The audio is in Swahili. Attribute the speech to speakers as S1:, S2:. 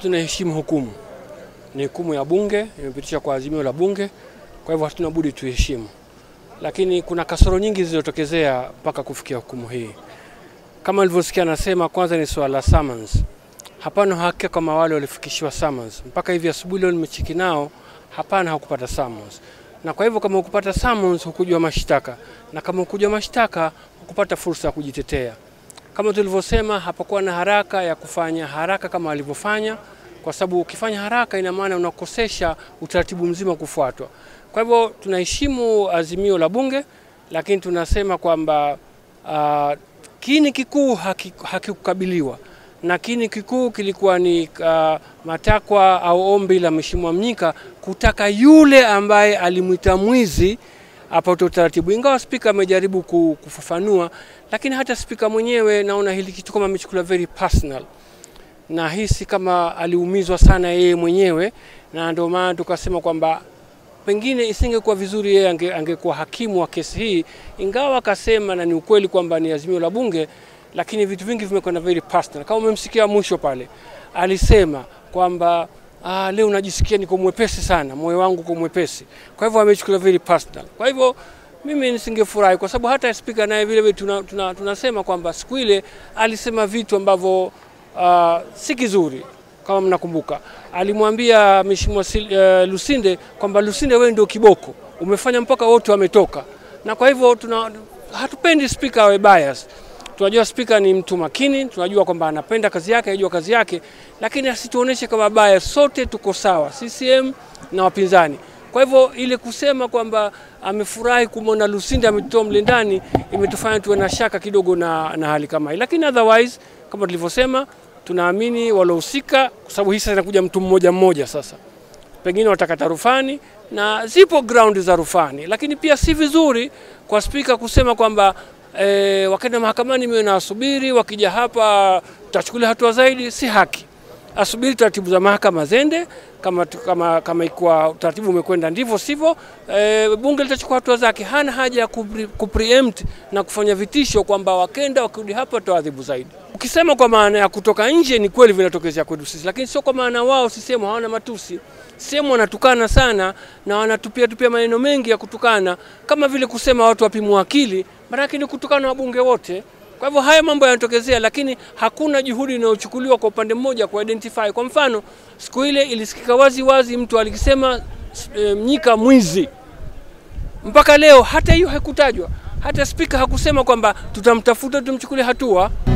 S1: Tunaheshimu hukumu, ni hukumu ya bunge, imepitishwa kwa azimio la bunge, kwa hivyo hatuna budi tuheshimu, lakini kuna kasoro nyingi zilizotokezea mpaka kufikia hukumu hii. Kama nilivyosikia anasema, kwanza ni swala la summons. Hapana hakika kama wale walifikishiwa summons. Mpaka hivi asubuhi leo nimechiki nao, hapana hakupata summons. Na kwa hivyo kama hukupata summons hukujua mashtaka, na kama hukujua mashtaka hukupata fursa ya kujitetea. Kama tulivyosema, hapakuwa na haraka ya kufanya haraka kama walivyofanya, kwa sababu ukifanya haraka ina maana unakosesha utaratibu mzima kufuatwa. Kwa hivyo tunaheshimu azimio la Bunge, lakini tunasema kwamba uh, ah, kini kikuu hakikukabiliwa haki na kini kikuu kilikuwa ni uh, matakwa au ombi la Mheshimiwa Mnyika kutaka yule ambaye alimwita mwizi tu utaratibu, ingawa spika amejaribu kufafanua, lakini hata spika mwenyewe naona hili kitu kama amechukulia very personal na hisi kama aliumizwa sana yeye mwenyewe, na ndio maana tukasema kwamba pengine isingekuwa vizuri yeye ange, angekuwa hakimu wa kesi hii, ingawa akasema na ni ukweli kwamba ni azimio la bunge, lakini vitu vingi vimekwenda very personal. Kama umemsikia mwisho pale, alisema kwamba ah, leo najisikia niko mwepesi sana, moyo wangu uko mwepesi. Kwa hivyo amechukulia very personal. Kwa hivyo mimi nisingefurahi kwa sababu hata spika naye vile vile tuna, tuna, tunasema kwamba siku ile alisema vitu ambavyo uh, si kizuri kama mnakumbuka, alimwambia Mheshimiwa uh, Lusinde kwamba Lusinde, wewe ndio kiboko, umefanya mpaka wote wametoka, na kwa hivyo tuna hatupendi spika awe bias. Tunajua spika ni mtu makini, tunajua kwamba anapenda kazi yake, anajua kazi yake, lakini asituoneshe kama baya. Sote tuko sawa, CCM na wapinzani. Kwa hivyo ile kusema kwamba amefurahi kumwona Lusinda ametoa mle ndani imetufanya tuwe na shaka kidogo na, na hali kama hii, lakini otherwise kama tulivyosema, tunaamini walohusika, kwa sababu hii sasa inakuja mtu mmoja mmoja, sasa pengine watakata rufani na zipo ground za rufani, lakini pia si vizuri kwa spika kusema kwamba e, wakenda mahakamani mimi na asubiri, wakija hapa tutachukulia hatua zaidi, si haki. Asubiri taratibu za mahakama zende, kama, kama, kama ikuwa taratibu umekwenda ndivyo sivyo, e, bunge litachukua hatua zake. Hana haja ya kupreempt na kufanya vitisho kwamba wakenda wakirudi hapa tutaadhibu zaidi. Ukisema kwa maana ya kutoka nje, ni kweli vinatokezea kwetu sisi, lakini sio kwa maana wao. Sisemu hawana matusi, sehemu wanatukana sana na wanatupia tupia maneno mengi ya kutukana, kama vile kusema watu wapimwa akili maanake ni kutokana na wabunge wote. Kwa hivyo haya mambo yanatokezea, lakini hakuna juhudi inayochukuliwa kwa upande mmoja identify. Kwa mfano, siku ile ilisikika wazi wazi mtu alikisema e, Mnyika mwizi. Mpaka leo hata hiyo haikutajwa, hata spika hakusema kwamba tutamtafuta tumchukulie hatua.